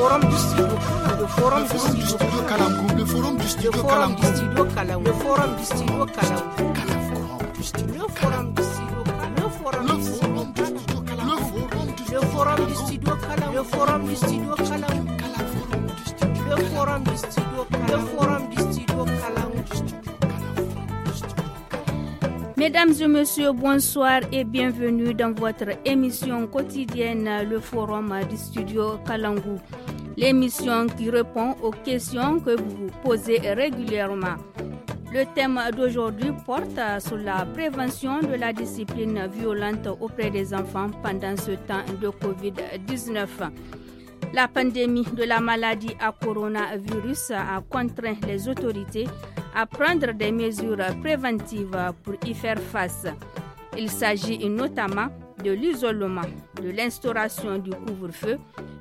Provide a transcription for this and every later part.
le forum du studio le forum du studio le forum du studio le forum du studio le forum du studio le forum du studio le forum du studio le forum du studio Mesdames et messieurs, bonsoir et bienvenue dans votre émission quotidienne, le forum du studio Kalangou l'émission qui répond aux questions que vous vous posez régulièrement. Le thème d'aujourd'hui porte sur la prévention de la discipline violente auprès des enfants pendant ce temps de COVID-19. La pandémie de la maladie à coronavirus a contraint les autorités à prendre des mesures préventives pour y faire face. Il s'agit notamment de l'isolement, de l'instauration du couvre-feu,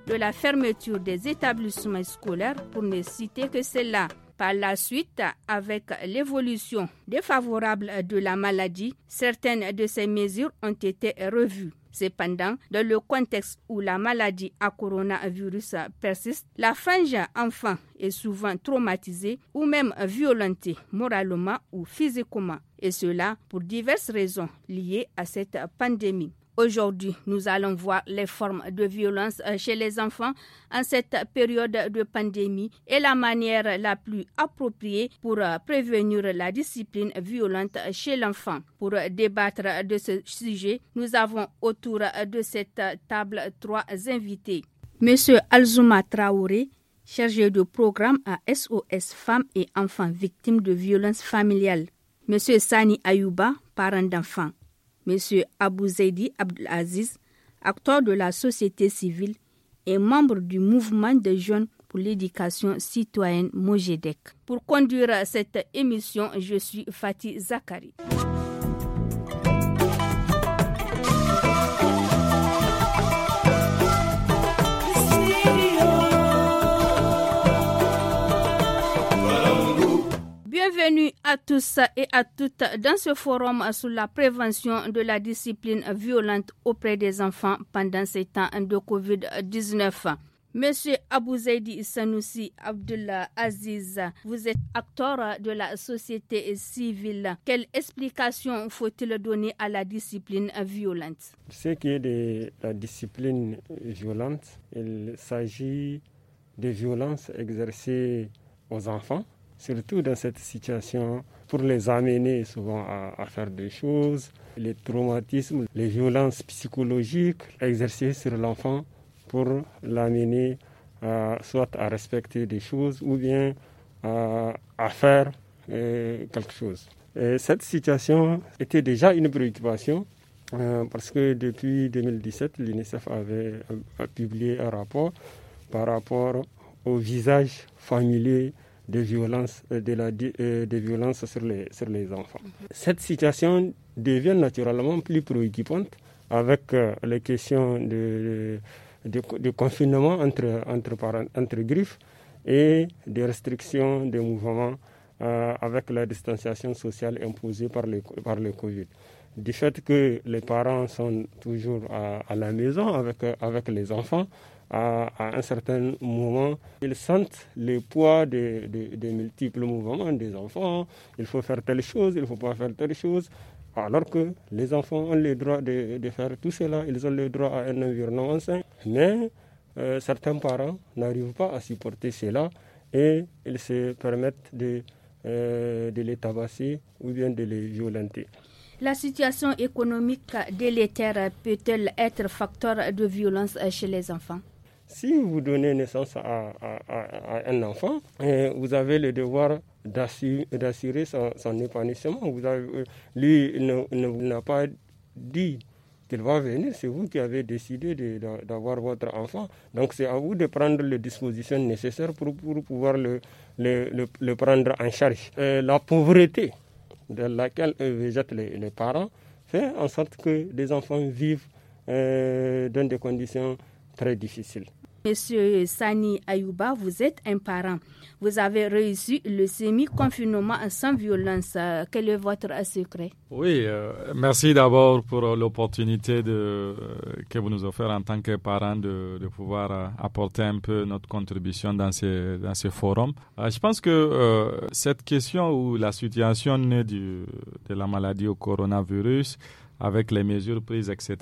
de la fermeture des établissements scolaires, pour ne citer que cela. Par la suite, avec l'évolution défavorable de la maladie, certaines de ces mesures ont été revues. Cependant, dans le contexte où la maladie à coronavirus persiste, la fange enfant est souvent traumatisée ou même violentée moralement ou physiquement, et cela pour diverses raisons liées à cette pandémie. Aujourd'hui, nous allons voir les formes de violence euh, chez les enfants en cette période de pandémie et la manière la plus appropriée pour euh, prévenir la discipline violente chez l'enfant. Pour débattre de ce sujet, nous avons autour de cette table trois invités. Monsieur Alzuma Traoré, chargé de programme à SOS Femmes et Enfants Victimes de Violence Familiale. Monsieur Sani Ayouba, parent d'enfants. M. Zaidi Abdelaziz, acteur de la société civile et membre du mouvement des jeunes pour l'éducation citoyenne Mojedec. Pour conduire cette émission, je suis Fatih Zakari. bienvenue à tous et à toutes dans ce forum sur la prévention de la discipline violente auprès des enfants pendant ces temps de COVID-19. Monsieur Abouzaidi Sanoussi Abdullah Aziz, vous êtes acteur de la société civile. Quelle explication faut-il donner à la discipline violente Ce qui est de la discipline violente, il s'agit de violences exercées aux enfants surtout dans cette situation, pour les amener souvent à, faire des choses, les traumatismes, les violences psychologiques exercées sur l'enfant pour l'amener soit à respecter des choses ou bien à, faire euh, quelque chose. cette situation était déjà une préoccupation euh, parce que depuis 2017, l'UNICEF avait euh, publié un rapport par rapport au visage familier des violences, euh, de la, euh, violences sur, les, sur les enfants. Cette situation devient naturellement plus préoccupante avec euh, les questions de, de, confinement entre, entre, entre griffes et des restrictions de mouvements avec la distanciation sociale imposée par le, par Covid. Du fait que les parents sont toujours à, à la maison avec, avec les enfants, à, un certain moment, ils sentent le poids des, multiples mouvements des enfants. Il faut faire telle chose, il ne faut pas faire telle chose. Alors que les enfants ont le droit de, de, faire tout cela, ils ont le droit à un environnement sain. Mais euh, certains parents n'arrivent pas à supporter cela et ils se permettent de, euh, de les tabasser ou bien de les violenter. La situation économique délétère peut-elle être facteur de violence chez les enfants si vous donnez naissance à, un enfant, eh, vous avez le devoir d'assurer son, son, épanouissement. Vous euh, ne vous n'a pas dit qu'il va venir, c'est vous qui avez décidé d'avoir votre enfant. Donc c'est à vous de prendre les dispositions nécessaires pour, pouvoir le, prendre en charge. la pauvreté dans laquelle végètent les, parents fait en sorte que les enfants vivent euh, dans des conditions très difficiles. Monsieur Sani Ayouba, vous êtes un parent. Vous avez réussi le semi-confinement sans violence. Quel est votre secret Oui, euh, merci d'abord pour l'opportunité que vous nous offrez en tant que parent de, pouvoir euh, apporter un peu notre contribution dans ce, dans ce forum. Euh, je pense que cette question ou la situation née de la maladie au coronavirus, avec les mesures prises, etc.,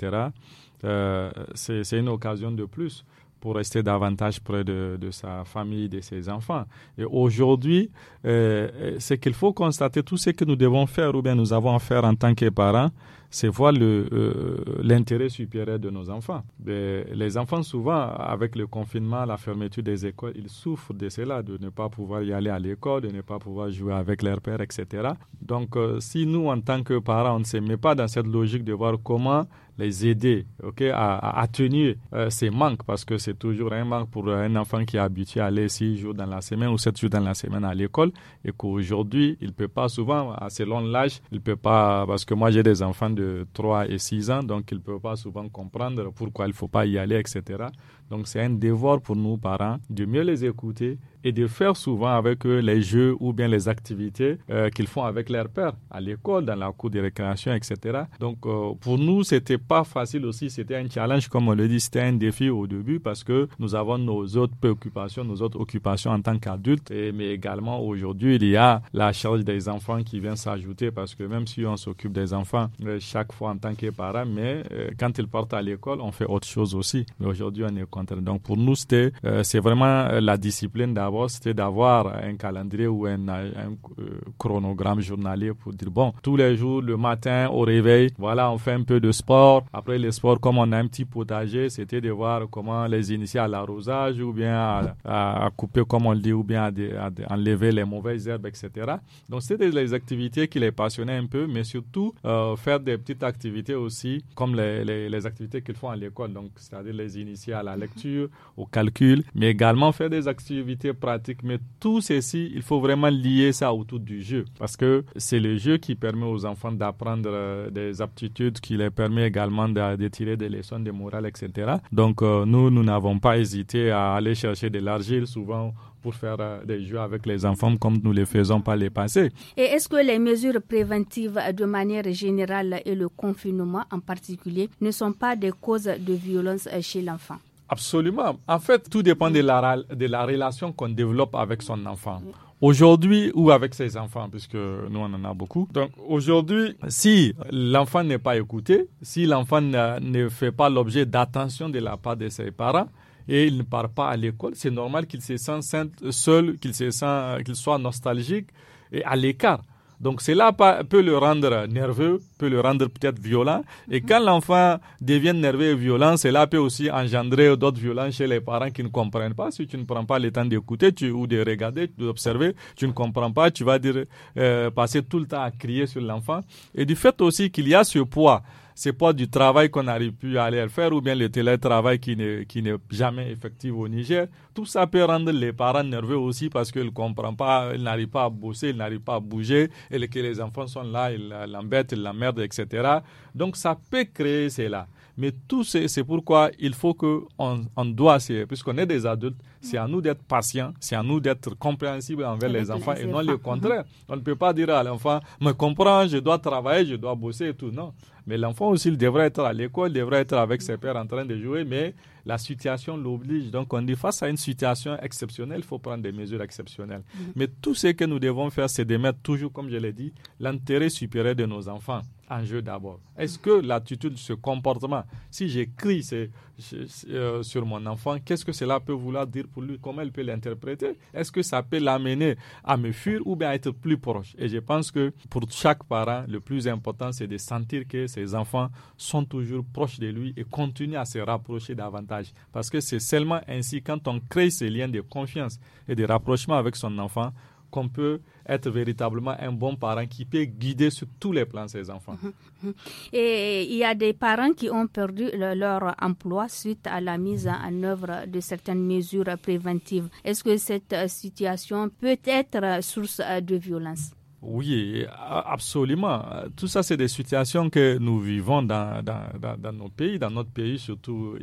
c'est une occasion de plus pour rester davantage près de, sa famille, de ses enfants. Et aujourd'hui, euh, euh, ce qu'il faut constater, tout ce que nous devons faire ou bien nous avons à faire en tant que parents, c'est voir euh, l'intérêt supérieur de nos enfants. Ben, les enfants, souvent, avec le confinement, la fermeture des écoles, ils souffrent de cela, de ne pas pouvoir y aller à l'école, de ne pas pouvoir jouer avec leur père, etc. Donc, euh, si nous, en tant que parents, on ne se met pas dans cette logique de voir comment les aider à, tenir euh, ces manques parce que c'est toujours un manque pour euh, un enfant qui est habitué à aller six jours dans la semaine ou sept jours dans la semaine à l'école et qu'aujourd'hui, il ne peut pas souvent, selon l'âge, il peut pas, parce que moi j'ai des enfants de 3 et 6 ans, donc il ne peut pas souvent comprendre pourquoi il ne faut pas y aller, etc. Donc c'est un devoir pour nous parents de mieux les écouter et de faire souvent avec eux les jeux ou bien les activités euh, qu'ils font avec leur père à l'école, dans la cour de récréation, etc. Donc euh, pour nous, c'était pas facile aussi, c'était un challenge, comme on le dit, c'était un défi au début parce que nous avons nos autres préoccupations, nos autres occupations en tant qu'adultes, mais également aujourd'hui, il y a la charge des enfants qui vient s'ajouter parce que même si on s'occupe des enfants euh, chaque fois en tant que parents, mais quand ils partent à l'école, on fait autre chose aussi. Mais aujourd'hui, on est donc pour nous, c'était, euh, c'est vraiment euh, la discipline d'abord, c'était d'avoir un calendrier ou un, euh, chronogramme journalier pour dire bon, tous les jours, le matin au réveil, voilà, on fait un peu de sport. Après les sports, comme on a un petit potager, c'était de voir comment les initier à l'arrosage ou bien à, couper, comme on le dit, ou bien à, enlever les mauvaises herbes, etc. Donc c'était des activités qui les passionnaient un peu, mais surtout faire des petites activités aussi, comme les, les, activités qu'ils font à l'école, donc c'est-à-dire les initier à au calcul, mais également faire des activités pratiques. Mais tout ceci, il faut vraiment lier ça autour du jeu, parce que c'est le jeu qui permet aux enfants d'apprendre euh, des aptitudes, qui les permet également de, tirer des leçons de morale, etc. Donc euh, nous, nous n'avons pas hésité à aller chercher de l'argile. Souvent, pour faire euh, des jeux avec les enfants comme nous les faisons par les passés. Et est-ce que les mesures préventives de manière générale et le confinement en particulier ne sont pas des causes de violence chez l'enfant Absolument. En fait, tout dépend de la, de la relation qu'on développe avec son enfant. Aujourd'hui ou avec ses enfants, puisque nous on en a beaucoup. Donc aujourd'hui, si l'enfant n'est pas écouté, si l'enfant ne fait pas l'objet d'attention de la part de ses parents, et il ne part pas à l'école, c'est normal qu'il se sente seul, qu'il se qu'il soit nostalgique et à l'écart. Donc cela peut le rendre nerveux, peut le rendre peut-être violent. Et quand l'enfant devient nerveux et violent, cela peut aussi engendrer d'autres violences chez les parents qui ne comprennent pas. Si tu ne prends pas le temps d'écouter ou de regarder, d'observer, tu ne comprends pas, tu vas dire, euh, passer tout le temps à crier sur l'enfant. Et du fait aussi qu'il y a ce poids c'est pas du travail qu'on n'arrive plus à aller faire ou bien le télétravail qui n'est, qui n'est jamais effectif au Niger. Tout ça peut rendre les parents nerveux aussi parce qu'ils ne comprennent pas, ils n'arrivent pas à bosser, ils n'arrivent pas à bouger et que les enfants sont là, ils l'embêtent, ils l'emmerdent, etc. Donc ça peut créer cela. Mais tout c'est, c'est pourquoi il faut que on, doit, puisqu'on est des adultes, c'est à nous d'être patients, c'est à nous d'être compréhensibles envers les enfants et non le contraire. On ne peut pas dire à l'enfant, me comprends, je dois travailler, je dois bosser et tout. Non. Mais l'enfant aussi, il devrait être à l'école, il devrait être avec ses pères en train de jouer, mais la situation l'oblige. Donc, on dit face à une situation exceptionnelle, il faut prendre des mesures exceptionnelles. Mhm. Mais tout ce que nous devons faire, c'est de mettre toujours, comme je l'ai dit, l'intérêt supérieur de nos enfants en jeu d'abord. Est-ce que l'attitude, ce comportement, si j'écris euh, sur mon enfant, qu'est-ce que cela peut vouloir dire pour lui Comment elle peut l'interpréter Est-ce que ça peut l'amener à me fuir ou bien à être plus proche Et je pense que pour chaque parent, le plus important, c'est de sentir que c'est ses enfants sont toujours proches de lui et continuent à se rapprocher davantage. Parce que c'est seulement ainsi, quand on crée ces liens de confiance et de rapprochement avec son enfant, qu'on peut être véritablement un bon parent qui peut guider sur tous les plans ses enfants. Mhm, mhm. Et il y a des parents qui ont perdu leur emploi suite à la mise mhm. en œuvre de certaines mesures préventives. Est-ce que cette euh, situation peut être euh, source euh, de violence oui, absolument. Tout ça, c'est des situations que nous vivons dans, dans, dans, nos pays, dans notre pays, surtout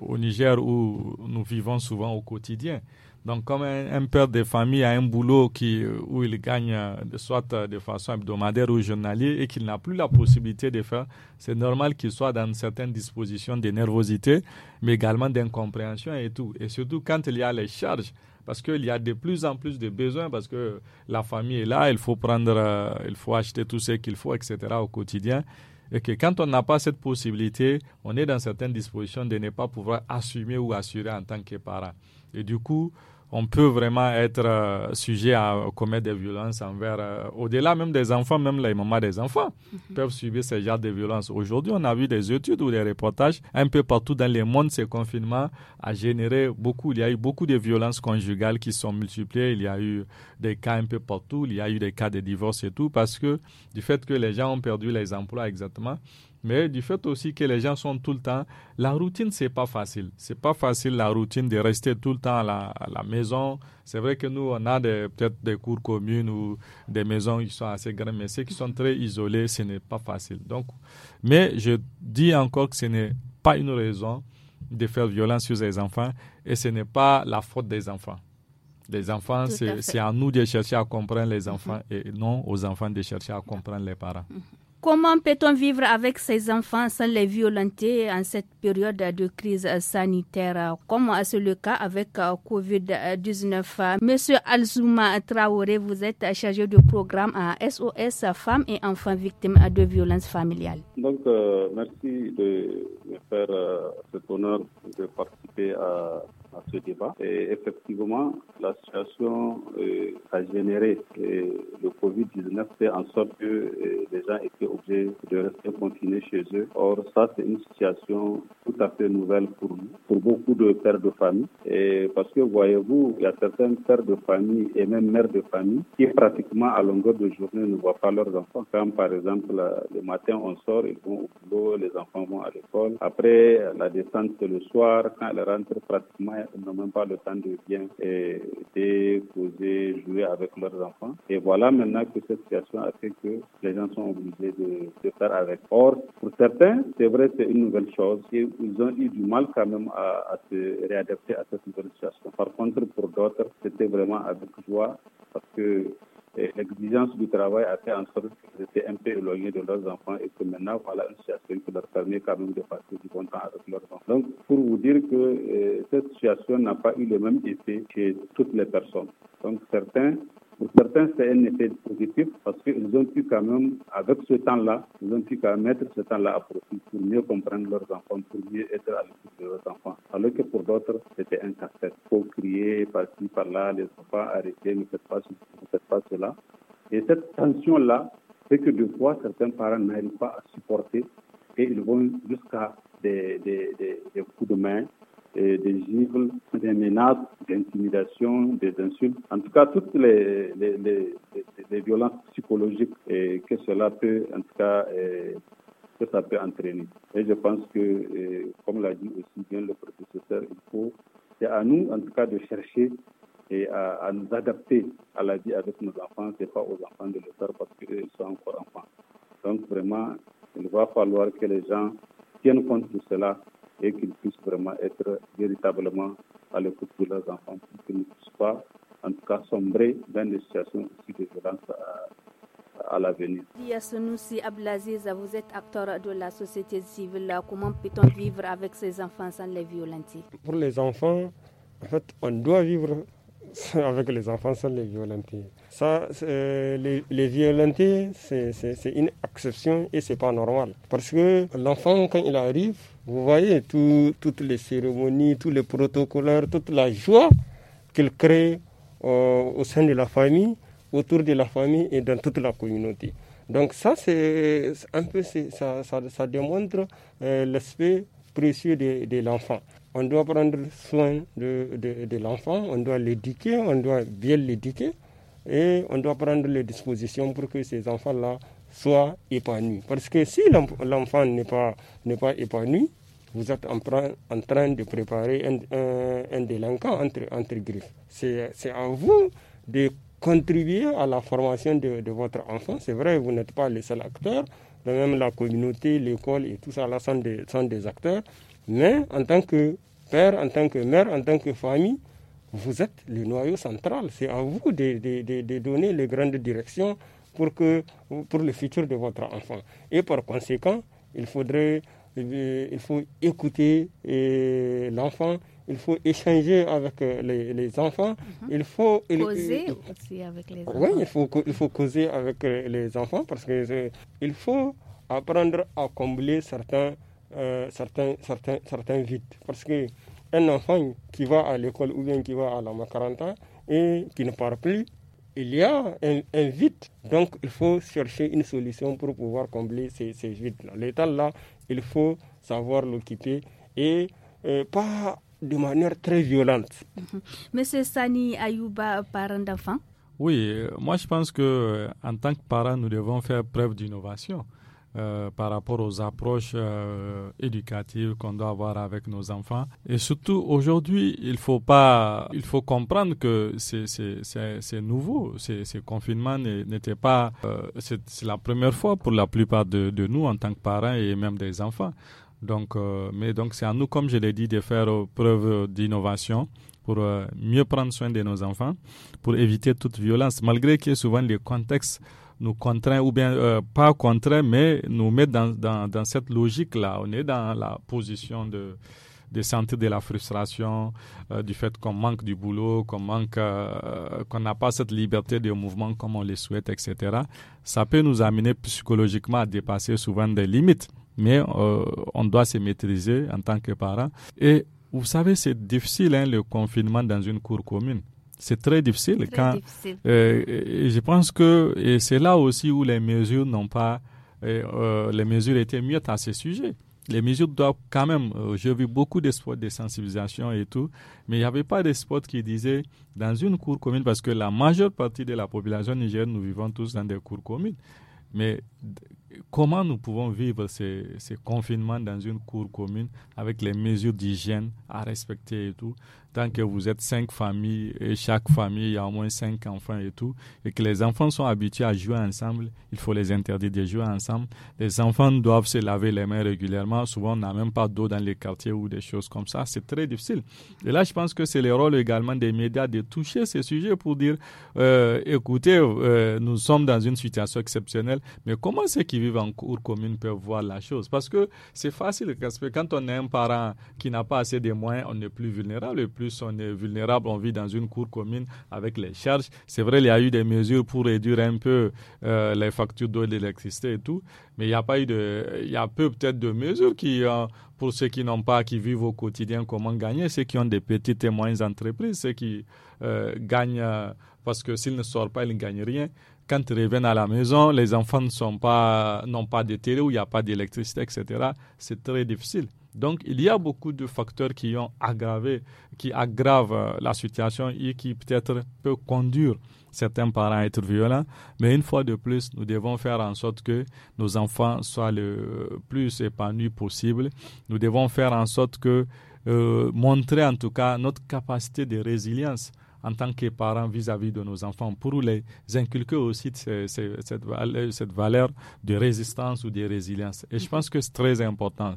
au Niger où nous vivons souvent au quotidien. Donc, comme un, père de famille a un boulot qui, où il gagne soit de façon hebdomadaire ou journalier et qu'il n'a plus la possibilité de faire, c'est normal qu'il soit dans certaines dispositions de nervosité, mais également d'incompréhension et tout. Et surtout quand il y a les charges parce qu'il y a de plus en plus de besoins, parce que la famille est là, il faut prendre, euh, il faut acheter tout ce qu'il faut, etc. au quotidien. Et que quand on n'a pas cette possibilité, on est dans certaines dispositions de ne pas pouvoir assumer ou assurer en tant que parent. Et du coup, on peut vraiment être euh, sujet à commettre des violences envers, euh, au-delà même des enfants, même les mamans des enfants mhm. peuvent subir ce genre de violences. Aujourd'hui, on a vu des études ou des reportages un peu partout dans le monde. Ce confinement a généré beaucoup, il y a eu beaucoup de violences conjugales qui sont multipliées. Il y a eu des cas un peu partout, il y a eu des cas de divorce et tout, parce que du fait que les gens ont perdu les emplois exactement, mais du fait aussi que les gens sont tout le temps, la routine c'est pas facile. C'est pas facile la routine de rester tout le temps à la, maison. C'est vrai que nous on a peut-être des cours communes ou des maisons qui sont assez grandes, mais ceux qui sont très isolés, ce n'est pas facile. Donc, mais je dis encore que ce n'est pas une raison de faire violence sur les enfants et ce n'est pas la faute des enfants. Les enfants, c'est à, nous de chercher à comprendre les mm-hmm. enfants et non aux enfants de chercher à comprendre les parents. Mm-hmm. Comment peut-on vivre avec ses enfants sans les violenter en cette période de crise sanitaire, comme c'est le cas avec euh, COVID-19? Monsieur Alzuma Traoré, vous êtes chargé du programme à SOS Femmes et Enfants Victimes de Violences Familiales. Donc, euh, merci de me faire euh, cet honneur de participer à à ce débat. Et effectivement, la situation euh, a généré euh, le Covid-19 fait en sorte que euh, les gens étaient obligés de rester confinés chez eux. Or, ça, c'est une situation tout à fait nouvelle pour nous, pour beaucoup de pères de famille. Et parce que, voyez-vous, il y a certains pères de famille et même mères de famille qui, pratiquement à longueur de journée, ne voient pas leurs enfants. Quand, par exemple, le matin, on sort, ils vont au boulot, les enfants vont à l'école. Après, la descente, c'est le soir. Quand elles rentrent, pratiquement, n'ont même pas le temps de bien et, euh, poser, jouer avec leurs enfants. Et voilà maintenant que cette situation a fait que les gens sont obligés de, se faire avec. Or, pour certains, c'est vrai, c'est une nouvelle chose. Et ils ont eu du mal quand même à, à se réadapter à cette nouvelle situation. Par contre, pour d'autres, c'était vraiment avec joie parce que l'exigence du travail a fait en sorte qu'ils étaient un peu éloignés de leurs enfants et que maintenant, voilà une situation qui leur permet quand même de passer du bon temps avec leurs enfants. Donc, pour vous dire que euh, cette situation n'a pas eu le même effet chez toutes les personnes. Donc, certains pour certains, c'est un effet positif parce qu'ils ont pu quand même, avec ce temps-là, ils ont pu mettre ce temps-là à profit pour mieux comprendre leurs enfants, pour mieux être à l'écoute de leurs enfants. Alors que pour d'autres, c'était un casse-tête. Faut crier par-ci, par-là, les enfants arrêter, ne faites pas ceci, ne faites pas cela. Et cette tension-là fait que des fois, certains parents n'arrivent pas à supporter et ils vont jusqu'à des coups de main des gifles, des menaces, des intimidations, des insultes, en tout cas toutes les, les, violences psychologiques que cela peut en tout cas que ça peut entraîner. Et je pense que, comme l'a dit aussi bien le professeur, il faut c'est à nous en tout cas de chercher et à, nous adapter à la vie avec nos enfants, c'est pas aux enfants de le faire parce qu'ils sont encore enfants. Donc vraiment, il va falloir que les gens tiennent compte de cela et qu'ils puissent vraiment être véritablement à l'écoute de leurs enfants pour qu'ils ne puissent pas, en tout cas, sombrer dans des situations aussi de violence à, à l'avenir. si Ablaziz, vous êtes acteur de la société civile. Comment peut-on vivre avec ces enfants sans les violenter Pour les enfants, en fait, on doit vivre avec les enfants sans les violentés. Ça, les, euh, les, c'est une exception et c'est pas normal. Parce que l'enfant, quand il arrive, vous voyez toutes les cérémonies, tous les protocoles, toute la joie qu'il crée au sein de la famille, autour de la famille et dans toute la communauté. Donc ça, c'est un peu, ça, ça, démontre euh, l'aspect précieux de l'enfant on doit prendre soin de, de, l'enfant, on doit l'éduquer, on doit bien l'éduquer et on doit prendre les dispositions pour que ces enfants-là soient épanouis. Parce que si l'enfant n'est pas, n'est pas épanoui, vous êtes en, en train de préparer un, un, délinquant entre, entre griffes. C'est à vous de contribuer à la formation de, de votre enfant. C'est vrai, vous n'êtes pas le seul acteur. Même la communauté, l'école et tout ça là sont des, sont des acteurs. Mais en tant que père, en tant que mère, en tant que famille, vous êtes le noyau central. C'est à vous de, de, de, donner les grandes directions pour, que, pour le futur de votre enfant. Et par conséquent, il faudrait eh il faut écouter eh, l'enfant, il faut échanger avec euh, les, les enfants, mhm. il faut causer aussi avec les enfants. Oui, il faut, il faut causer avec euh, les enfants parce que euh, faut apprendre à combler certains euh, certains, certains, certains vides. Parce qu'un enfant qui va à l'école ou bien qui va à la macaranta et qui ne part plus, il y a un, vide. Donc il faut chercher une solution pour pouvoir combler ces, ces vides-là. L'état-là, il faut savoir l'occuper et euh, pas de manière très violente. Mhm. Monsieur Sani Ayouba, parent d'enfant Oui, euh, moi je pense que en tant que parent, nous devons faire preuve d'innovation. Euh, par rapport aux approches euh, éducatives qu'on doit avoir avec nos enfants. Et surtout, aujourd'hui, il faut pas, il faut comprendre que c'est nouveau. Ce confinement n'était pas, euh, c'est la première fois pour la plupart de, de, nous en tant que parents et même des enfants. Donc, mais donc c'est à nous, comme je l'ai dit, de faire preuve d'innovation pour mieux prendre soin de nos enfants, pour éviter toute violence, malgré que souvent les contextes nous contraint, ou bien euh, pas contraint, mais nous met dans, dans, cette logique-là. On est dans la position de, de sentir de la frustration, euh, du fait qu'on manque du boulot, qu'on manque, euh, qu'on n'a pas cette liberté de mouvement comme on le souhaite, etc. Ça peut nous amener psychologiquement à dépasser souvent des limites, mais on doit se maîtriser en tant que parent. Et vous savez, c'est difficile hein, le confinement dans une cour commune. C'est très difficile. quand, euh, je pense que c'est là aussi où les mesures n'ont pas, euh, euh les mesures étaient mieux à ce sujet. Les mesures doivent quand même, Je euh, j'ai vu beaucoup de spots de sensibilisation et tout, mais il n'y avait pas de spots qui disaient dans une cour commune, parce que la majeure partie de la population nigérienne, nous vivons tous dans des cours communes. Mais comment nous pouvons vivre ces, ces, confinements dans une cour commune avec les mesures d'hygiène à respecter et tout tant que vous êtes cinq familles et chaque famille a au moins cinq enfants et tout, et que les enfants sont habitués à jouer ensemble, il faut les interdire de jouer ensemble. Les enfants doivent se laver les mains régulièrement. Souvent, on n'a même pas d'eau dans les quartiers ou des choses comme ça. C'est très difficile. Et là, je pense que c'est le rôle également des médias de toucher ces sujets pour dire, euh, écoutez, euh, nous sommes dans une situation exceptionnelle, mais comment ceux qui vivent en cour commune peuvent voir la chose Parce que c'est facile, parce que quand on a un parent qui n'a pas assez de moyens, on est plus vulnérable plus on est vulnérable, on vit dans une cour commune avec les charges. C'est vrai, il y a eu des mesures pour réduire un peu euh, les factures d'eau et d'électricité et tout, mais il n'y a pas eu de, il y a peu peut-être de mesures qui, euh, pour ceux qui n'ont pas, qui vivent au quotidien, comment gagner, ceux qui ont des petites et moyennes entreprises, ceux qui euh, gagnent parce que s'ils ne sortent pas, ils ne gagnent rien quand ils reviennent à la maison, les enfants n'ont pas, pas de télé ou il n'y a pas d'électricité, etc. C'est très difficile. Donc, il y a beaucoup de facteurs qui ont aggravé, qui aggravent euh, la situation et qui peut-être peuvent conduire certains parents à être violents. Mais une fois de plus, nous devons faire en sorte que nos enfants soient le plus épanouis possible. Nous devons faire en sorte que euh, montrer en tout cas notre capacité de résilience en tant que parents vis-à-vis de nos enfants, pour les inculquer aussi cette, valeur, cette valeur de résistance ou de résilience. Et je mhm. pense que c'est très important.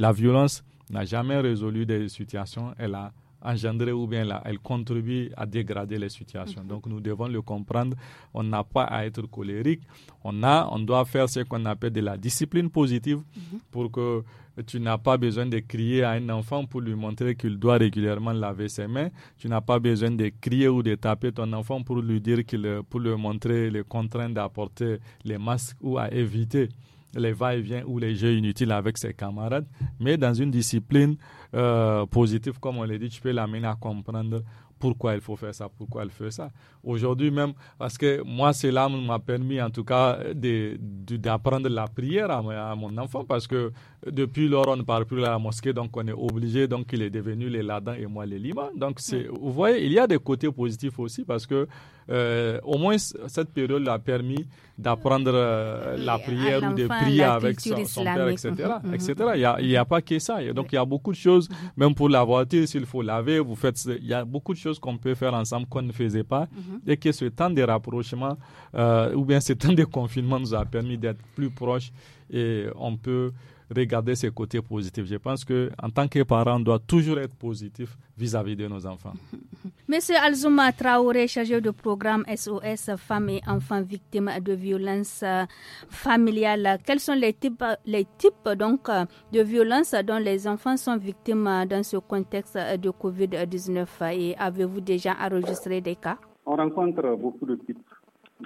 La violence n'a jamais résolu des situations, elle a engendré ou bien là, elle contribue à dégrader les situations. Mhm. Donc nous devons le comprendre. On n'a pas à être colérique. On on doit faire ce qu'on appelle de la discipline positive mhm. pour que tu n'as pas besoin de crier à un enfant pour lui montrer qu'il doit régulièrement laver ses mains. Tu n'as pas besoin de crier ou de taper ton enfant pour lui dire qu'il, pour lui montrer les contraintes d'apporter les masques ou à éviter les va-et-vient ou les jeux inutiles avec ses camarades, mais dans une discipline euh, positive, comme on l'a dit, tu peux l'amener à comprendre pourquoi il faut faire ça, pourquoi il fait ça. Aujourd'hui même, parce que moi, cela m'a permis en tout cas d'apprendre la prière à, mon enfant, parce que depuis lors, on ne parle plus à la mosquée, donc on est obligé. Donc il est devenu les ladins et moi les limans. Donc c'est, vous voyez, il y a des côtés positifs aussi parce que euh, au moins cette période l'a permis d'apprendre euh, la prière ou de prier avec son, père, etc. etc. Mm-hmm. Il n'y a, pas que ça. Donc il y a beaucoup de choses, mm-hmm. même pour la voiture, s'il faut laver, vous faites. Il y a beaucoup de choses qu'on peut faire ensemble qu'on ne faisait pas mm-hmm. et que ce temps de rapprochement euh, ou bien ce temps de confinement nous a permis d'être plus proches et on peut regarder ses côtés positifs. Je pense que en tant que parent, on doit toujours être positif vis-à-vis de nos enfants. Monsieur Alzuma Traoré, chargé de programme SOS Femmes et Enfants Victimes de Violences euh, Familiales, quels sont les types, les types donc, de violences dont les enfants sont victimes euh, dans ce contexte euh, de COVID-19 et avez-vous déjà enregistré des cas On rencontre beaucoup de types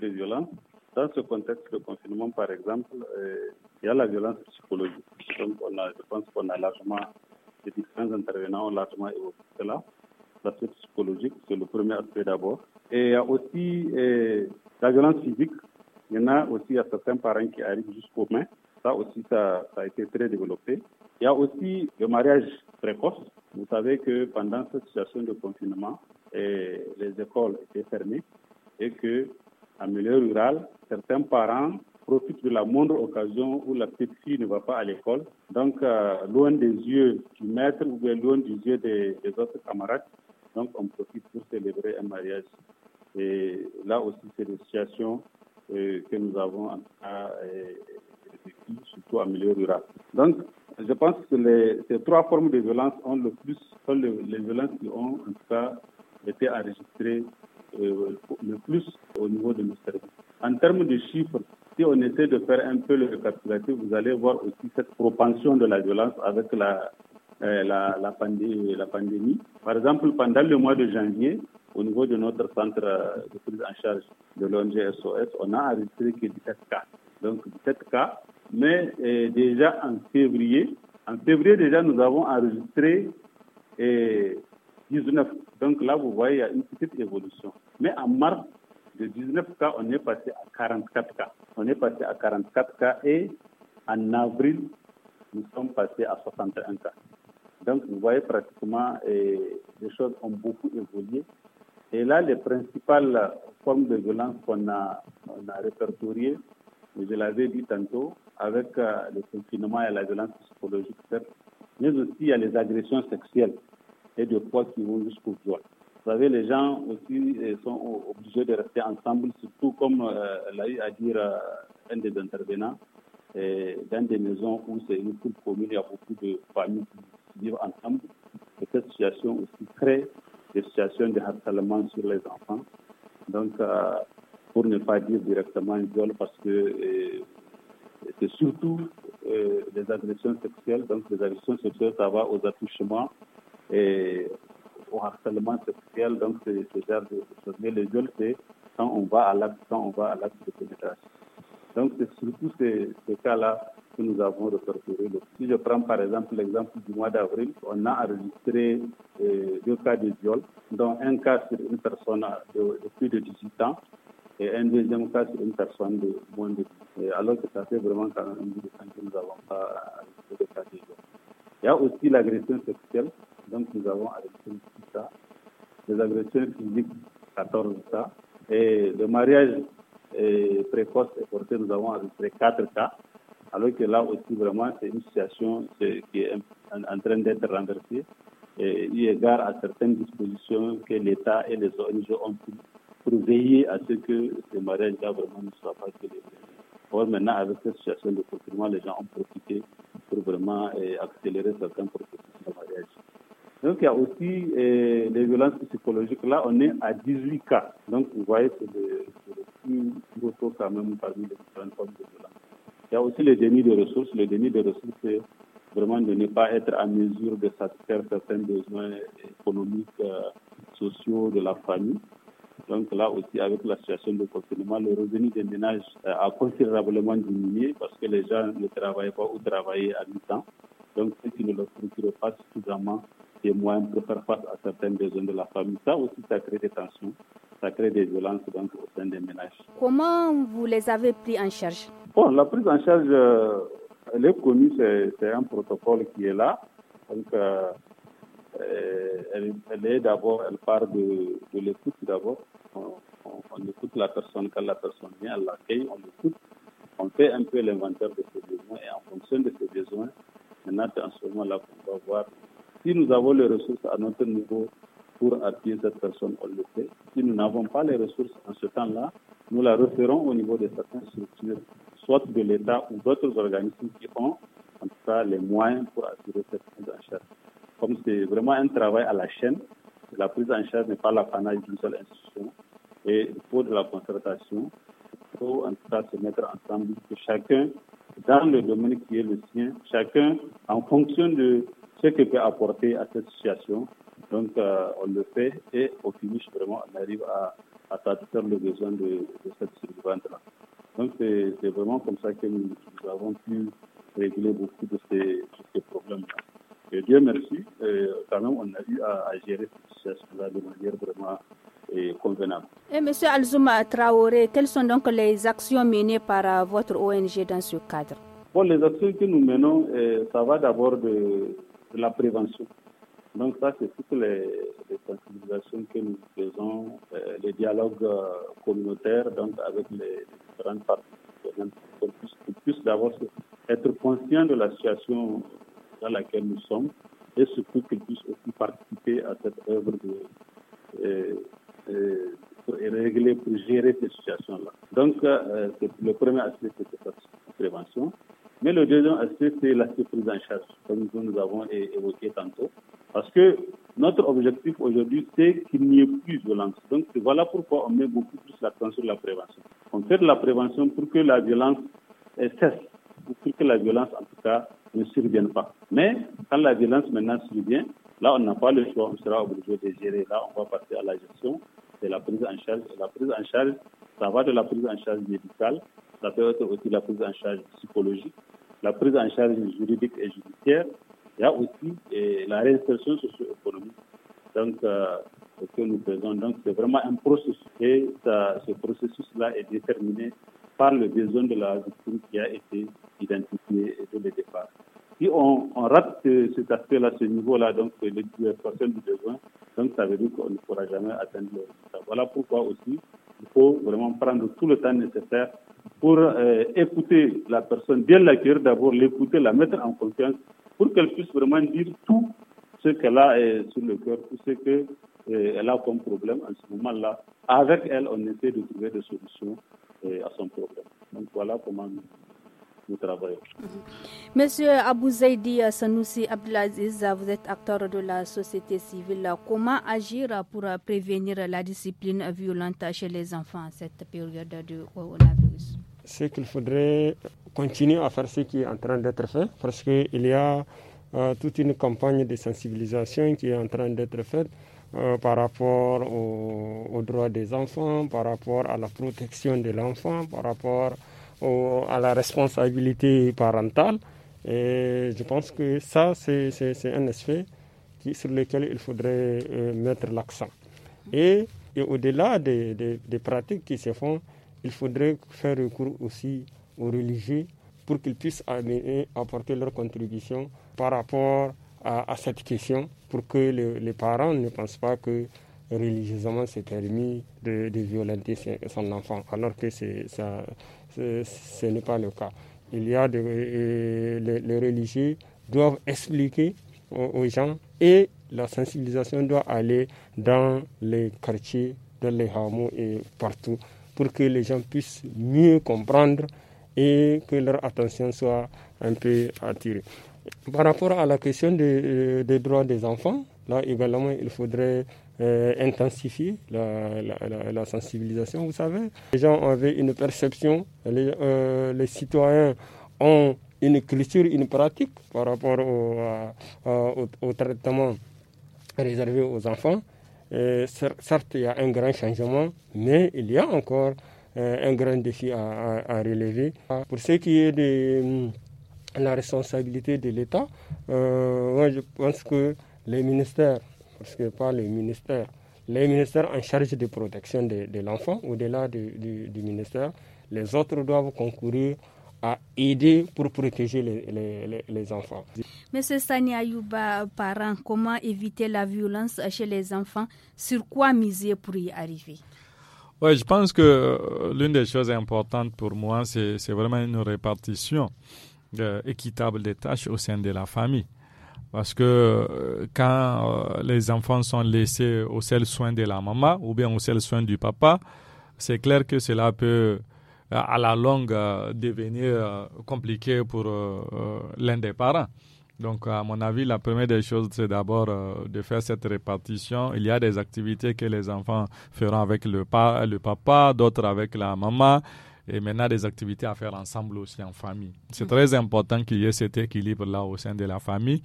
de violences dans ce contexte de confinement, par exemple, euh, il y a la violence psychologique. je pense qu'on a largement, les différents intervenants ont largement évoqué cela. L'aspect psychologique, c'est le premier aspect d'abord. Et il y a aussi euh, la violence physique. Il y en a aussi, à certains parents qui arrivent jusqu'aux mains. Ça aussi, ça, a été très développé. Il y a aussi le mariage précoce. Vous savez que pendant cette situation de confinement, euh, les écoles étaient fermées et que en milieu rural, certains parents profitent de la moindre occasion où la petite fille ne va pas à l'école. Donc, euh, loin des yeux du maître ou bien loin des yeux des, autres camarades, donc on profite pour célébrer un mariage. Et là aussi, c'est des situations euh, que nous avons en cas, euh, surtout en milieu rural. Donc, je pense que les, ces trois formes de violence ont le plus, sont les, les violences qui ont en tout cas été enregistrées euh, le plus au niveau de nos services. En termes de chiffres, si on essaie de faire un peu le récapitulatif, vous allez voir aussi cette propension de la violence avec la, euh, la, pandémie, la, pandémie, Par exemple, pendant le mois de janvier, au niveau de notre centre euh, de prise en charge de l'ONG SOS, on a enregistré que 17 cas. Donc 7 cas, mais déjà en février, en février déjà nous avons enregistré 19. Donc là, vous voyez, il y a une petite évolution. Mais en mars, de 19 cas, on est passé à 44 cas. On est passé à 44 cas et en avril, nous sommes passés à 61 cas. Donc, vous voyez pratiquement, les choses ont beaucoup évolué. Et là, les principales formes de violence qu'on a, répertoriées, je l'avais dit tantôt, avec euh, le confinement et la violence psychologique, certes, mais aussi il les agressions sexuelles et de poids qui vont jusqu'au viol. Vous savez, les gens aussi euh, sont obligés de rester ensemble, surtout comme l'a eu à dire un des intervenants, dans des maisons où c'est une foule commune, il y a beaucoup de familles qui vivent ensemble. Et cette situation aussi crée des situations de harcèlement sur les enfants. Donc, euh, pour ne pas dire directement viol, parce que euh, c'est surtout des agressions sexuelles. Donc, des agressions sexuelles, ça va aux attouchements et au harcèlement sexuel, donc ce, genre de choses. Mais le viol c'est quand on va à l'acte, on va à l'acte de pénétration. Donc c'est surtout ces, cas-là que nous avons répertoriés. Si je prends par exemple l'exemple du mois d'avril, on a enregistré euh, deux cas de viol, dont un cas sur une personne de, plus de 18 ans et un deuxième cas sur une personne de moins de ans. alors que ça fait vraiment quand même une que nous n'avons pas enregistré de cas de viol. Il y a aussi l'agression sexuelle donc nous avons arrêté cas Les agressions physiques, 14 cas. Et le mariage précoce et porté, nous avons arrêté 4 cas. Alors que là aussi, vraiment, c'est une situation qui est en train d'être renversée, et eu égard à certaines dispositions que l'État et les ONG ont prises pour veiller à ce que ce mariage-là vraiment ne soit pas célébré. Or, maintenant, avec cette situation de confinement, les gens ont profité pour vraiment eh, accélérer certains processus. Donc il y a aussi euh, les violences psychologiques. Là, on est à 18 cas. Donc vous voyez, c'est le, plus gros taux quand même parmi les différentes formes de violences. Il y a aussi le déni de ressources. Le déni de ressources, c'est vraiment de ne pas être à mesure de satisfaire certains besoins économiques, euh, sociaux de la famille. Donc là aussi, avec la situation de confinement, le revenu des ménages euh, a considérablement diminué parce que les gens ne travaillent pas ou travaillent à mi-temps. Donc, ceux qui ne leur procurent pas suffisamment des moyens pour faire face à certains besoins de la famille. Ça aussi, ça crée des tensions, ça crée des violences donc, au sein des ménages. Comment vous les avez pris en charge Bon, la prise en charge, euh, elle est connue, c'est un protocole qui est là. Donc, euh, euh, elle, est d'abord, elle part de, l'écoute d'abord. On, écoute la personne quand la personne vient, elle l'accueille, on écoute. On fait un peu l'inventaire de ses besoins et en fonction de ses besoins, on en ce moment-là, on va voir si nous avons les ressources à notre niveau pour appuyer cette personne, on le fait. Si nous n'avons pas les ressources en ce temps-là, nous la referons au niveau de certaines structures, soit de l'État ou d'autres organismes qui ont en tout cas les moyens pour assurer cette prise en charge. Comme c'est vraiment un travail à la chaîne, la prise en charge n'est pas l'apanage d'une seule institution et il faut de la concertation, il faut en tout cas se mettre ensemble, que chacun, dans le domaine qui est le sien, chacun, en fonction de ce que peut apporter à cette situation. Donc, euh, on le fait et au finish, vraiment, on arrive à, à le besoin de, cette survivante-là. Donc, c'est vraiment comme ça que nous, avons pu régler beaucoup de ces, problèmes-là. Et Dieu merci, euh, quand même, on a eu à, gérer cette situation-là de manière vraiment euh, convenable. Et M. Alzuma Traoré, quelles sont donc les actions menées par votre ONG dans ce cadre Bon, les actions que nous menons, ça va d'abord de, la prévention. Donc ça, c'est toutes les, sensibilisations que nous faisons, euh, les dialogues euh, communautaires donc avec les, différentes parties pour qu'ils puissent d'abord être conscient de la situation dans laquelle nous sommes et surtout qu'ils puissent aussi participer à cette œuvre de, euh, régler, pour gérer ces situations-là. Donc, le premier aspect, c'est cette prévention. Mais le deuxième aspect, c'est l'aspect prise en charge, comme nous avons évoqué tantôt. Parce que notre objectif aujourd'hui, c'est qu'il n'y ait plus de violence. Donc voilà pourquoi on met beaucoup plus l'accent sur la prévention. On fait de la prévention pour que la violence cesse, pour que la violence, en tout cas, ne survienne pas. Mais quand la violence maintenant survient, là, on n'a pas le choix, on sera obligé de gérer. Là, on va passer à la gestion de la prise en charge. Et la prise en charge, ça va de la prise en charge médicale ça peut être aussi la prise en charge psychologique, la prise en charge juridique et judiciaire. Il y a aussi eh, la réinsertion socio-économique. Donc, euh, ce que nous faisons, donc c'est vraiment un processus. Et ce processus-là est déterminé par le besoin de la victime qui a été identifié dès le départ. Si on, rate cet aspect-là, ce niveau-là, donc l'expression du besoin, donc ça veut dire qu'on ne pourra jamais atteindre le résultat. Voilà pourquoi aussi, il faut vraiment prendre tout le temps nécessaire pour euh, écouter la personne, bien la l'accueillir d'abord, l'écouter, la mettre en confiance pour qu'elle puisse vraiment dire tout ce qu'elle a euh, sur le cœur, tout ce qu'elle euh, a comme problème en ce moment-là. Avec elle, on essaie de trouver des solutions à son problème. Donc voilà comment nous, travaillons. Monsieur Abou Zaidi Sanoussi Abdelaziz, vous êtes acteur de la société civile. Comment agir pour prévenir la discipline violente chez les enfants à cette période de coronavirus? c'est qu'il faudrait continuer à faire ce qui est en train d'être fait parce qu'il y a euh, toute une campagne de sensibilisation qui est en train d'être faite euh, par rapport aux au droits des enfants, par rapport à la protection de l'enfant, par rapport à la responsabilité parentale. Et je pense que ça, c'est un aspect sur lequel il faudrait euh, mettre l'accent. Et, et au-delà des, des pratiques qui se font, il faudrait faire recours aussi aux religieux pour qu'ils puissent apporter leur contribution par rapport à, cette question, pour que les parents ne pensent pas que religieusement c'est permis de, violenter son enfant, alors que ça, ce n'est pas le cas. Il y a euh, les, religieux doivent expliquer aux gens et la sensibilisation doit aller dans les quartiers, dans les hameaux et partout pour que les gens puissent mieux comprendre et que leur attention soit un peu attirée. Par rapport à la question des, euh, droits des enfants, là également, il faudrait euh, intensifier la, sensibilisation. Vous savez, les gens avaient une perception, les, euh, citoyens ont une culture, une pratique par rapport au traitement réservé aux enfants. Euh, certes, il y a un grand changement, mais il y a encore euh, un grand défi à, relever. Pour ce qui est de hum, la responsabilité de l'État, euh, je pense que les ministères, parce que pas les ministères, les ministères en charge de protection de, l'enfant, au-delà du, ministère, les autres doivent concourir à aider pour protéger les, les enfants. Monsieur Sani Ayuba, parent, comment éviter la violence chez les enfants Sur quoi miser pour y arriver Oui, je pense que euh, l'une des choses importantes pour moi, c'est vraiment une répartition euh, équitable des tâches au sein de la famille. Parce que euh, quand les enfants sont laissés au seul soin de la maman ou bien au seul soin du papa, c'est clair que cela peut à la longue devenir compliqué pour l'un des parents. Donc, à mon avis, la première des choses, c'est d'abord euh, de faire cette répartition. Il y a des activités que les enfants feront avec le, papa, d'autres avec la maman et maintenant des activités à faire ensemble aussi en famille. C'est mm. très important qu'il y ait cet équilibre-là au sein de la famille.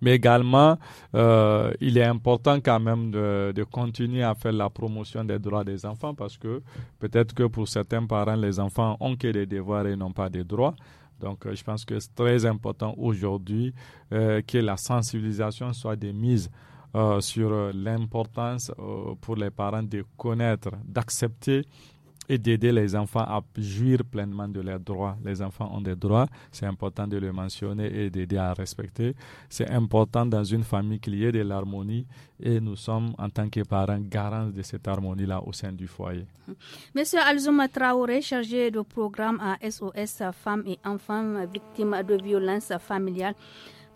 Mais également, euh, il est important quand même de, de, continuer à faire la promotion des droits des enfants parce que peut-être que pour certains parents, les enfants ont que des devoirs et non pas des droits. Donc, euh, je pense que c'est très important aujourd'hui euh, que la sensibilisation soit démise euh, sur l'importance pour les parents de connaître, d'accepter et d'aider les enfants à jouir pleinement de leurs droits. Les enfants ont des droits, c'est important de le mentionner et d'aider à respecter. C'est important dans une famille qu'il y ait de l'harmonie et nous sommes en tant que parents garants de cette harmonie-là au sein du foyer. Monsieur Alzouma Traoré, chargé de programme à SOS Femmes et Enfants victimes de Violence Familiale.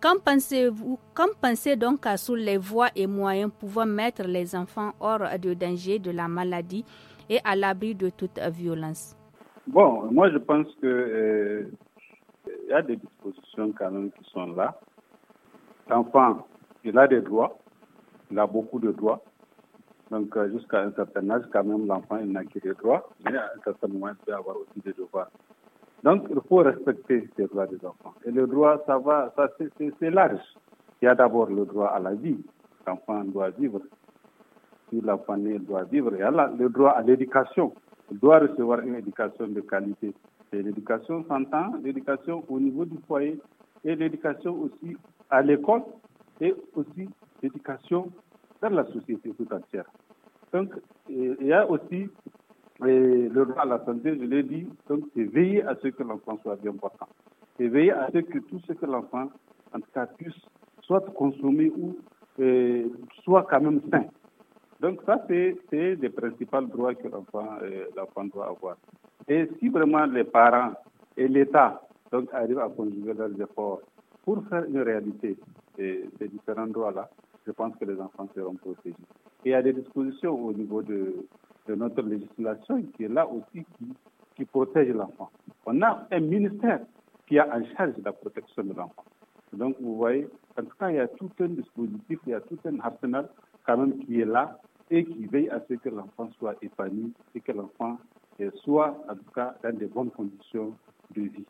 Qu'en pensez-vous Qu'en pensez donc à, sur les voies et moyens pouvant mettre les enfants hors de danger de la maladie et à l'abri de toute violence Bon, moi je pense que euh, il y a des dispositions quand même qui sont là. L'enfant, il a des droits, il a beaucoup de droits. Donc euh, jusqu'à un certain âge, quand même, l'enfant, il n'a que des droits, mais à un certain moment, il peut avoir aussi des devoirs. Donc il faut respecter les droits des enfants. Et le droit, ça va, ça c'est large. Il y a d'abord le droit à la vie. L'enfant doit vivre la famille doit vivre. Elle a le droit à l'éducation. doit recevoir une éducation de qualité. Et l'éducation s'entend, l'éducation au niveau du foyer et l'éducation aussi à l'école et aussi l'éducation dans la société tout entière. Donc, euh, il y a aussi euh, le droit à la santé, je l'ai dit, donc c'est veiller à ce que l'enfant soit bien portant. C'est veiller à ce que tout ce que l'enfant, en tout cas, puisse soit consommé ou euh, soit quand même sain. Donc ça, c'est les principaux droits que euh, l'enfant doit avoir. Et si vraiment les parents et l'État donc arrivent à conjuguer leurs efforts pour faire une réalité de ces différents droits-là, je pense que les enfants seront protégés. Et il y a des dispositions au niveau de, notre législation qui est là aussi qui, protège l'enfant. On a un ministère qui a en charge de la protection de l'enfant. Donc vous voyez, en tout cas, il y a tout un dispositif, il y a tout un arsenal quand même qui est là et qui veille à ce que l'enfant soit épanoui et que l'enfant euh, soit en tout cas dans de bonnes conditions de vie.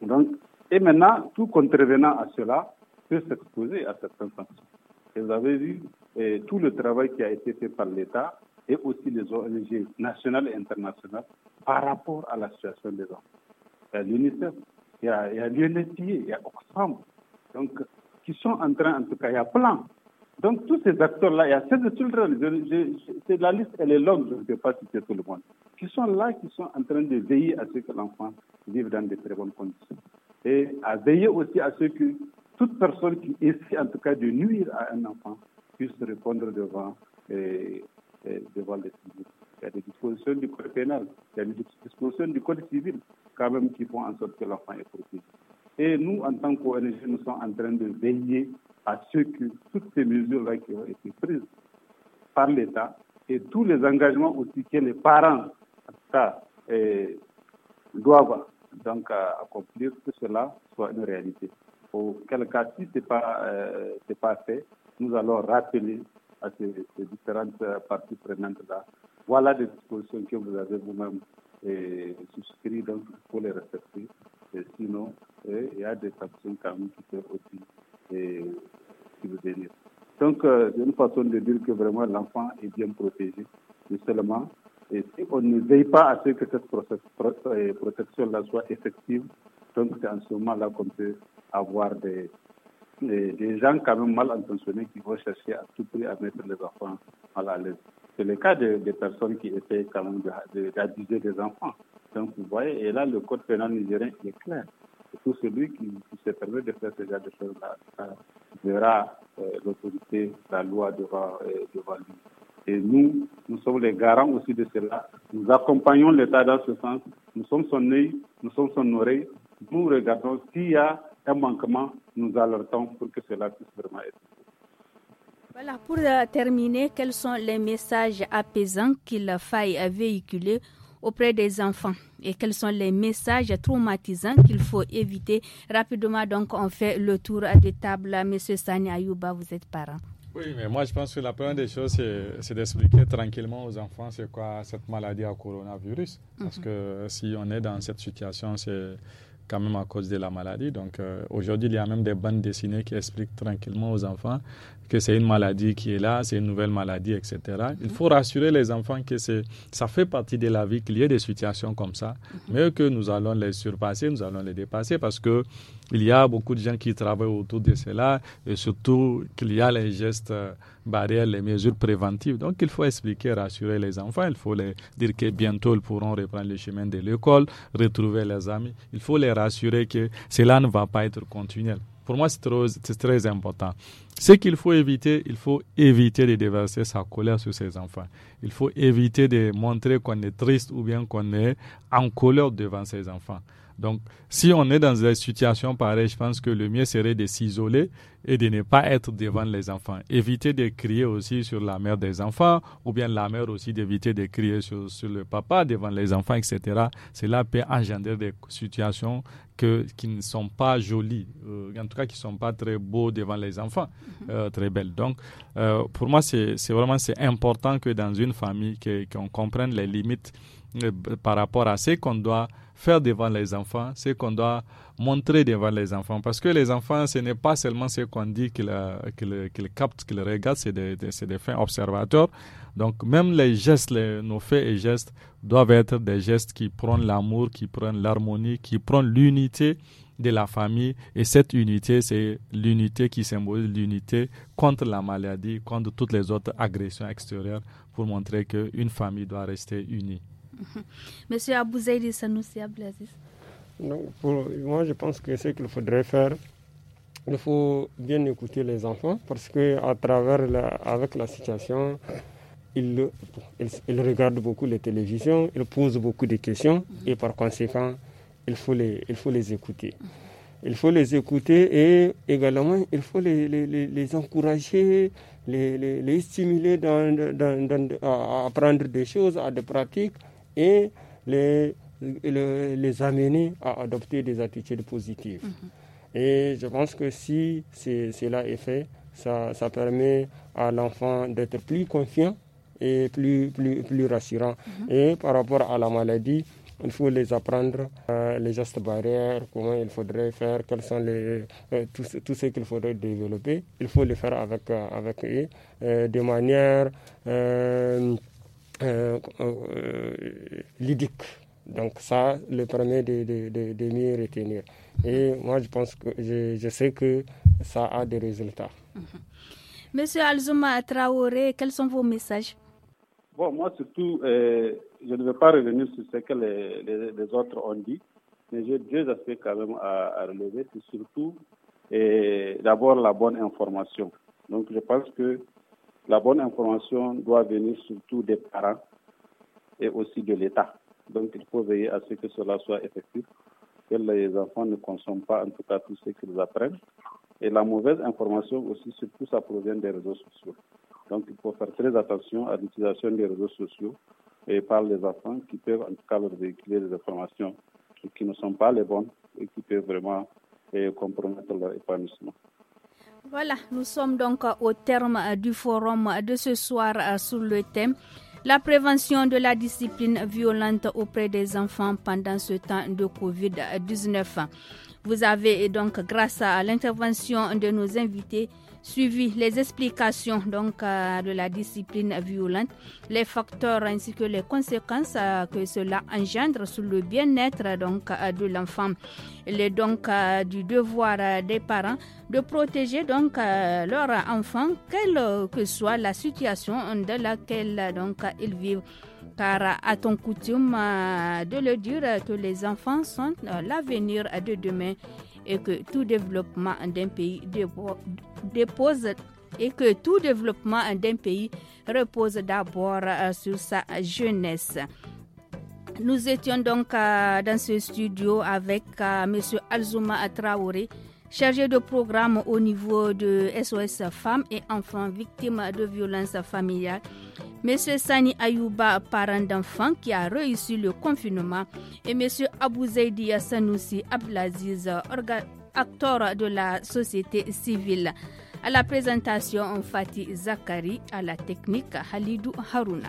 Donc, et maintenant, tout contrevenant à cela peut s'exposer à certaines sanctions. vous avez vu euh, tout le travail qui a été fait par l'État et aussi les ONG nationales et internationales par rapport à la situation des enfants. Il y a l'UNICEF, il y a, il y a e Oxfam, donc qui sont en train, en tout cas, il y a plein donc tous ces acteurs-là, il y a de children, c'est la liste, elle est longue, je ne peux pas citer tout le monde, qui sont là, qui sont en train de veiller à ce que l'enfant vive dans de très bonnes conditions. Et à veiller aussi à ce que toute personne qui essaie en tout cas de nuire à un enfant puisse répondre devant, devant les Il y a des dispositions du code pénal, il y a des dispositions du code civil quand même qui font en sorte que l'enfant est protégé. Et nous, en tant qu'ONG, nous sommes en train de veiller à ce que toutes ces mesures-là qui ont été prises par l'État et tous les engagements aussi que les parents eh, doivent donc accomplir, que cela soit une réalité. Auquel cas, si ce n'est pas, euh, pas fait, nous allons rappeler à ces, différentes parties prenantes-là. Voilà des dispositions que vous avez vous-même eh, souscrites, donc les respecter. sinon, eh, il y a des sanctions quand même qui aussi vous Donc, euh, c'est une façon de dire que vraiment l'enfant est bien protégé, seulement Et si on ne veille pas à ce que cette euh, protection-là soit effective, donc c'est en ce moment-là qu'on peut avoir des, des, gens quand même mal intentionnés qui vont chercher à tout prix à mettre les enfants mal à l'aise. C'est le cas des personnes qui étaient quand même d'abuser des enfants. Donc, vous voyez, et là, le code pénal nigérien est clair tout celui qui, se permet de faire ce genre de choses-là verra euh, l'autorité, la loi euh, devant, lui. Et nous, nous sommes les garants aussi de cela. Nous accompagnons l'État dans ce sens. Nous sommes son œil, nous sommes son oreille. Nous regardons s'il y a un manquement, nous alertons pour que cela puisse vraiment être. Voilà, pour euh, terminer, quels sont les messages apaisants qu'il faille véhiculer auprès des enfants et quels sont les messages traumatisants qu'il faut éviter. Rapidement, donc, on fait le tour des tables. Monsieur Sani Ayouba, vous êtes parent. Oui, mais moi je pense que la première des choses, c'est d'expliquer tranquillement aux enfants c'est quoi cette maladie à coronavirus. Mhm. Parce que si on est dans cette situation, c'est quand même à cause de la maladie. Donc euh, aujourd'hui, il y a même des bandes dessinées qui expliquent tranquillement aux enfants que c'est une maladie qui est là, c'est une nouvelle maladie, etc. Il faut rassurer les enfants que ça fait partie de la vie qu'il y ait des situations comme ça, mais que nous allons les surpasser, nous allons les dépasser parce que il y a beaucoup de gens qui travaillent autour de cela et surtout qu'il y a les gestes euh, barrières, les mesures préventives. Donc il faut expliquer, rassurer les enfants, il faut leur dire que bientôt ils pourront reprendre le chemin de l'école, retrouver les amis. Il faut les rassurer que cela ne va pas être continuel. Pour moi, c'est très, important. Ce qu'il faut éviter, il faut éviter de déverser sa colère sur ses enfants. Il faut éviter de montrer qu'on est triste ou bien qu'on est en colère devant ses enfants. Donc, si on est dans une situation pareille, je pense que le mieux serait de s'isoler et de ne pas être devant les enfants. Éviter de crier aussi sur la mère des enfants, ou bien la mère aussi d'éviter de crier sur, le papa devant les enfants, etc. Cela peut engendrer des situations qui ne sont pas jolies, euh, en tout cas qui ne sont pas très beaux devant les enfants, mhm. euh, très belles. Donc, euh, pour moi, c'est vraiment important que dans une famille, qu'on comprenne les limites euh, par rapport à ce qu'on doit faire devant les enfants, ce qu'on doit montrer devant les enfants. Parce que les enfants, ce n'est pas seulement ce qu'on dit qu'ils euh, euh, captent, qu'ils regardent, c'est des, faits observateurs. Donc même les gestes, nos faits et gestes doivent être des gestes qui prennent l'amour, qui prennent l'harmonie, qui prennent l'unité de la famille. Et cette unité, c'est l'unité qui symbolise l'unité contre la maladie, contre toutes les autres agressions extérieures pour montrer qu'une famille doit rester unie. Monsieur Abou Zaidi Sanoussi moi, je pense que ce qu'il faudrait faire, il faut bien écouter les enfants parce que à travers la, avec la situation, ils, ils, regardent beaucoup les télévisions, ils posent beaucoup de questions mhm. et par conséquent, il faut les, il faut les écouter. Il faut les écouter et également, il faut les, encourager, les, stimuler dans, à apprendre des choses, à des pratiques et les, les, amener à adopter des attitudes positives. Mhm. Et je pense que si cela est fait, ça, ça permet à l'enfant d'être plus confiant et plus, plus, plus rassurant. Mhm. Et par rapport à la maladie, il faut les apprendre euh, les gestes barrières, comment il faudrait faire, quels sont les, euh, tout, ce qu'il faudrait développer. Il faut le faire avec, euh, avec eux de manière euh, euh ludique. Donc ça, le premier de, de, mieux retenir. Et moi, je pense que je, sais que ça a des résultats. Monsieur Alzuma Traoré, quels sont vos messages Bon, moi surtout, euh, je ne vais pas revenir sur ce que les, autres ont dit, mais j'ai deux aspects quand même à, à relever. C'est surtout, euh, d'abord, la bonne information. Donc je pense que la bonne information doit venir surtout des parents et aussi de l'État. Donc il faut veiller à ce que cela soit effectif, que les enfants ne consomment pas en tout cas tout ce qu'ils apprennent. Et la mauvaise information aussi, surtout, ça provient des réseaux sociaux. Donc il faut faire très attention à l'utilisation des réseaux sociaux et par les enfants qui peuvent en tout cas leur véhiculer des informations qui ne sont pas les bonnes et qui peuvent vraiment eh, compromettre leur épanouissement. Voilà, nous sommes donc euh, au terme euh, du forum euh, de ce soir sur le thème la prévention de la discipline violente auprès des enfants pendant ce temps de COVID-19. Vous avez donc, grâce à l'intervention de nos invités, suivi les explications donc euh, de la discipline violente, les facteurs ainsi que les conséquences euh, que cela engendre sur le bien-être donc euh, de l'enfant. Il est donc du devoir des parents de protéger donc leur enfant quelle que soit la situation dans laquelle donc ils vivent car à ton coutume de le dire que les enfants sont l'avenir de demain et que tout développement d'un pays dépose et que tout développement d'un pays repose d'abord euh, sur sa jeunesse. Nous étions donc euh, dans ce studio avec euh, M. Alzuma Traoré, chargé de programme au niveau de SOS Femmes et Enfants victimes de violences familiales. M. Sani Ayuba, parent d'enfants qui a réussi le confinement, et M. Abouzaïdi Sanoussi Ablaziz, acteur de la société civile. À la présentation, Fatih Zakari, à la technique, Halidou Haruna.